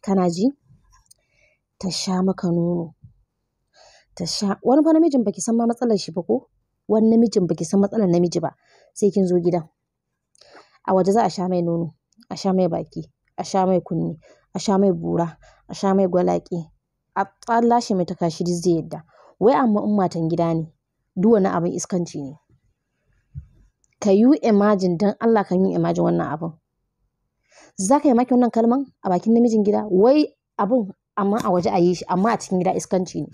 kana ji? Ta sha maka nono. Ta sha. Wani fa namijin baki san ma matsalar shi ba ko? Wani namijin baki san matsalar namiji ba sai kin zo gida. A waje za a sha mai nono, a sha mai baki, a sha mai kunne, a sha mai bura, a sha mai gwalaƙe, a tsalla lashe mai takashi duk zai yadda. Wai amma in matan gida ne, duk wani abin iskanci ne. Ka yi imagine don Allah ka yi imagine wannan abin. za ka yi maki wannan kalman a bakin namijin gida wai abun amma a waje a yi shi amma a cikin gida iskanci ne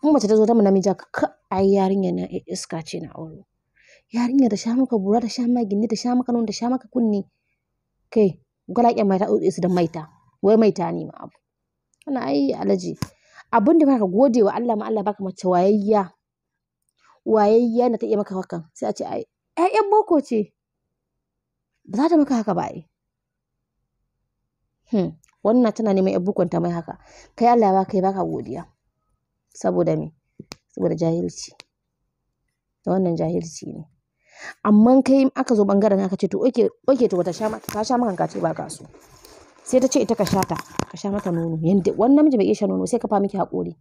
in mace ta zo ta namiji ka ai yarinya na iska ce na aure yarinya da sha maka bura da sha maka gindi da sha maka nono da sha maka kunne kai gwalaƙen maita su da maita wai maita ne ma abu Ana ai alaji abin da baka gode wa Allah ma Allah baka mace wayayya wayayya na ta iya maka hakan sai a ce ai ƴaƴan boko ce ba za ta maka haka ba ai hmm wannan tana neman yar bukon mai haka kai Allah ya baka ya baka godiya saboda me saboda jahilci da wannan jahilci ne amma kai aka zo bangaren aka ce to oke oke to wata sha ka sha maka ka ce ba ka so sai ta ce ita ka sha ta ka sha mata nono yanda wannan namiji bai iya shan nono sai ka fa miki hakuri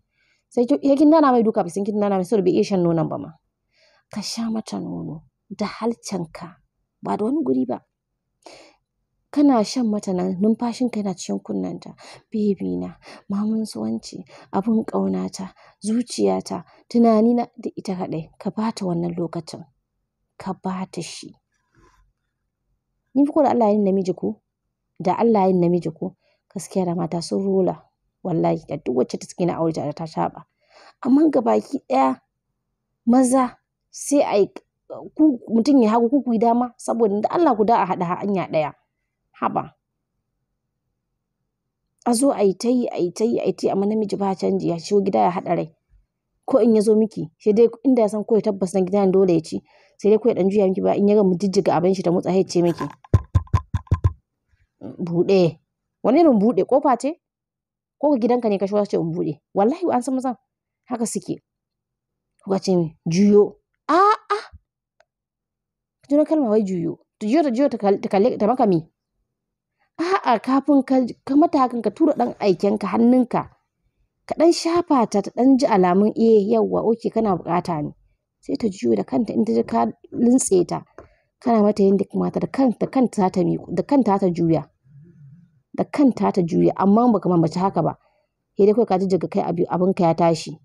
sai ki kin nana mai duka bisin kin nana mai saboda bai iya shan nonon ba ma ka sha mata nono da halcanka ba da wani guri ba kana shan mata numfashin ka yana cikin kunnenta. Baby na, maman abun abin ƙaunata, zuciyata, tunani tunanina da ita kaɗai. Ka ba ta wannan lokacin. Ka ba ta shi. Ni fi ko da Allah ya yin namiji ko, da Allah ya yin namiji ko, gaskiya da mata sun rula. Wallahi da duk wacce ta na aure ta ta taɓa. Amma baki ɗaya maza sai a mutum ya hagu ku kuyi dama saboda Allah guda a hada hanya ɗaya. haba. A zo a yi ta yi, a yi ta yi, a yi ta yi amma namiji ba canji ya shigo gida ya haɗa rai. Ko in ya zo miki sai dai inda ya san ko ya tabbas na gidan dole ya ci sai dai ko ya ɗan juya miki ba in ya mu jijjiga abin shi ta motsa ya ce miki. Mm, buɗe. Wani irin buɗe ƙofa ce? Ko gidanka ne ka shi ce in buɗe. Wallahi an san mazan haka suke. Kuka ce juyo. A'a. Ka kalma wai juyo. Juyo ta juyo ta kalle ta maka mi. a'a kafin ka mata hakan ka tura ɗan aikenka hannunka ka ɗan shafa ta ta ɗan ji alamun eh yawwa oke kana buƙata ne sai ta juyo da kanta in ta ji ka lintse ta kana mata yadda kamata da kanta kanta ta da kanta ta juya da kanta ta juya amma baka mace haka ba sai dai kawai ka jijjiga kai abin ka ya tashi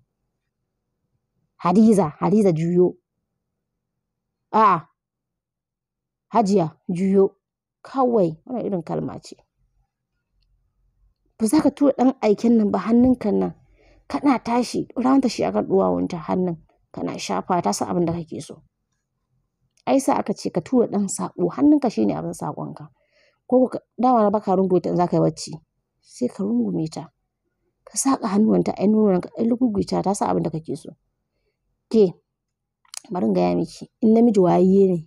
Hadiza Hadiza juyo a'a Hajiya juyo kawai wannan irin kalma ce ba za ka tura ɗan aikin nan ba hannunka nan kana tashi ranta shi akan duwawunta hannun kana shafa ta sa abin da kake so ai sa aka ce ka tura ɗan saƙo hannunka shine abin saƙonka ko dama na baka rungume ta in za ka yi bacci sai ka rungume ta ka saƙa hannuwanta ai ka ai ta sa abin da kake so ke bari gaya miki in namiji waye ne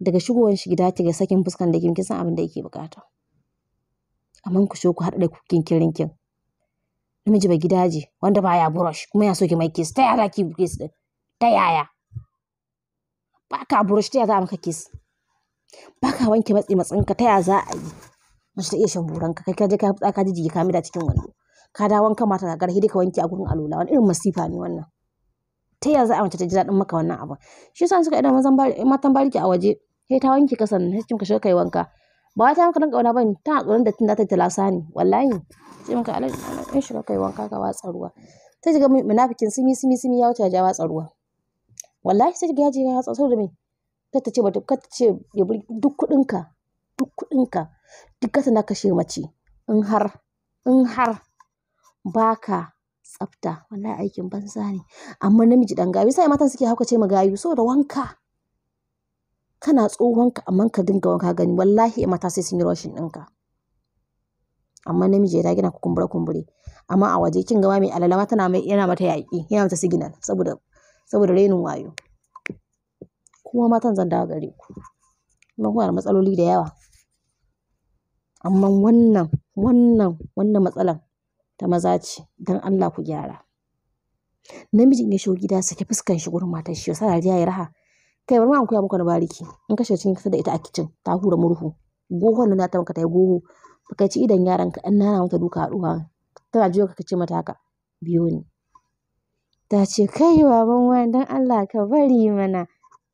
daga shigowar shi gida ga sakin fuskan da kin san abin da yake bukata amma ku shoku ku da kukin kirinkin namiji ba gidaje wanda baya brush kuma ya soke mai kiss ta yaya ki kiss din ta yaya ba ka brush ta yaya za maka kiss ba ka wanke matsi matsinka ta yaya za a yi mace ta iya shan buranka kai ka je ka fitsa ka ji jiki ka mida cikin wani ka da wanka mata gagar hidi ka wanke a gurin alola wani irin masifa ne wannan ta yaya za a mace ta ji daɗin maka wannan abin shi yasa suka idan matan bariki a waje sai ta wanke kasan sai cin ka shiga kai wanka ba wai ta maka dan kauna bane ta hakurin da tun da ta talasa ne wallahi sai maka alai in shiga kai wanka ka watsa ruwa sai ga munafikin simi simi simi ya wuce ya watsa ruwa wallahi sai shiga yaji je ya watsa saboda me kar ta ce ba ta ce ya bi duk kudin ka duk kudin ka duk kasa na kashe mace in har in har baka tsafta wallahi aikin banza ne amma namiji dan gayu sai matan suke haukace ma gayu saboda wanka kana tsohonka amma ka dinga wanka gani wallahi mata sai sun yi rashin ɗinka amma namiji ya na kumbure kumbure amma a waje kin gama mai alalama tana mai yana mata yaƙi yana mata signal saboda saboda rainin wayo kuma matan zan dawo gare ku kuma da matsaloli da yawa amma wannan wannan wannan matsalan ta maza ce don Allah ku gyara namijin ya shigo gida sake fuskan shi gurin matar shi ya sa ya raha kai bari ma an koya muku na bariki in kashe cikin kasa da ita a kicin ta hura murhu gohon nan ta maka ta yi goho ka ci idan yaran ka an nana mata duka haɗuwa tana jiyo ka kace mata haka biyo ni ta ce kai baban wani dan Allah ka bari mana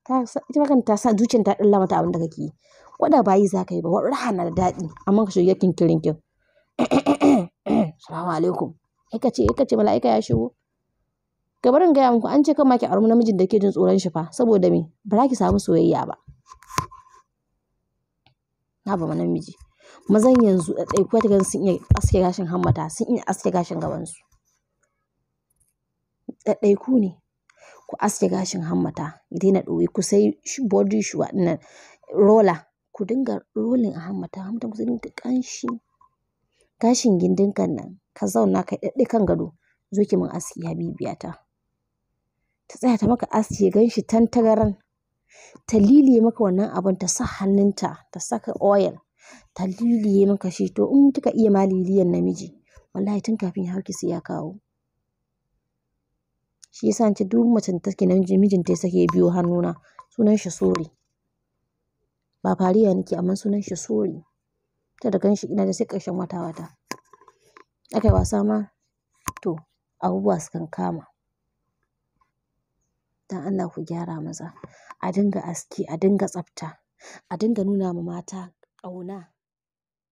ta ita ta sa zuciyar ta dalla mata abin da kake yi ko bayi za ka yi ba wallahi na da daɗi amma ka shirya kinkirin kin salamu alaikum ai ka ce ka ce mala'ika ya shigo Ga barin gaya muku an ce kan ma ki auri namijin da ke jin tsoron shi fa saboda me ba za ki samu soyayya ba. Haba ma namiji. Mazan yanzu ɗaiɗaiku zaki ga sun iya aske gashin hammata, sun iya aske gashin gabansu. Ɗaiɗaiku ne. Ku aske gashin hammata, ku daina ɗoyi, ku sayi body shuwa ɗinnan roller, ku dinga rolling a hammata, hammata ku zai dinga ƙanshi. Gashin gindin kan nan ka zauna kai ɗaɗɗe kan gado zo ki mun aski habibiyata. ta tsaya ta maka aski ya gan shi tantagaran ta liliye maka wannan abun ta sa hannunta ta saka oil ta liliye maka shi to in kika iya ma liliyan namiji wallahi tun kafin ya hauki sai ya kawo shi yasa ce duk macen da take namiji mijinta ya sake biyo hannuna sunan shi sori ba fariya nake amma sunan shi sori ta da ganshi ina da sai ƙarshen wata wata aka yi wasa ma to abubuwa su kan kama don Allah ku gyara maza. A dinga aski, a dinga tsafta, a dinga nuna ma mata ƙauna.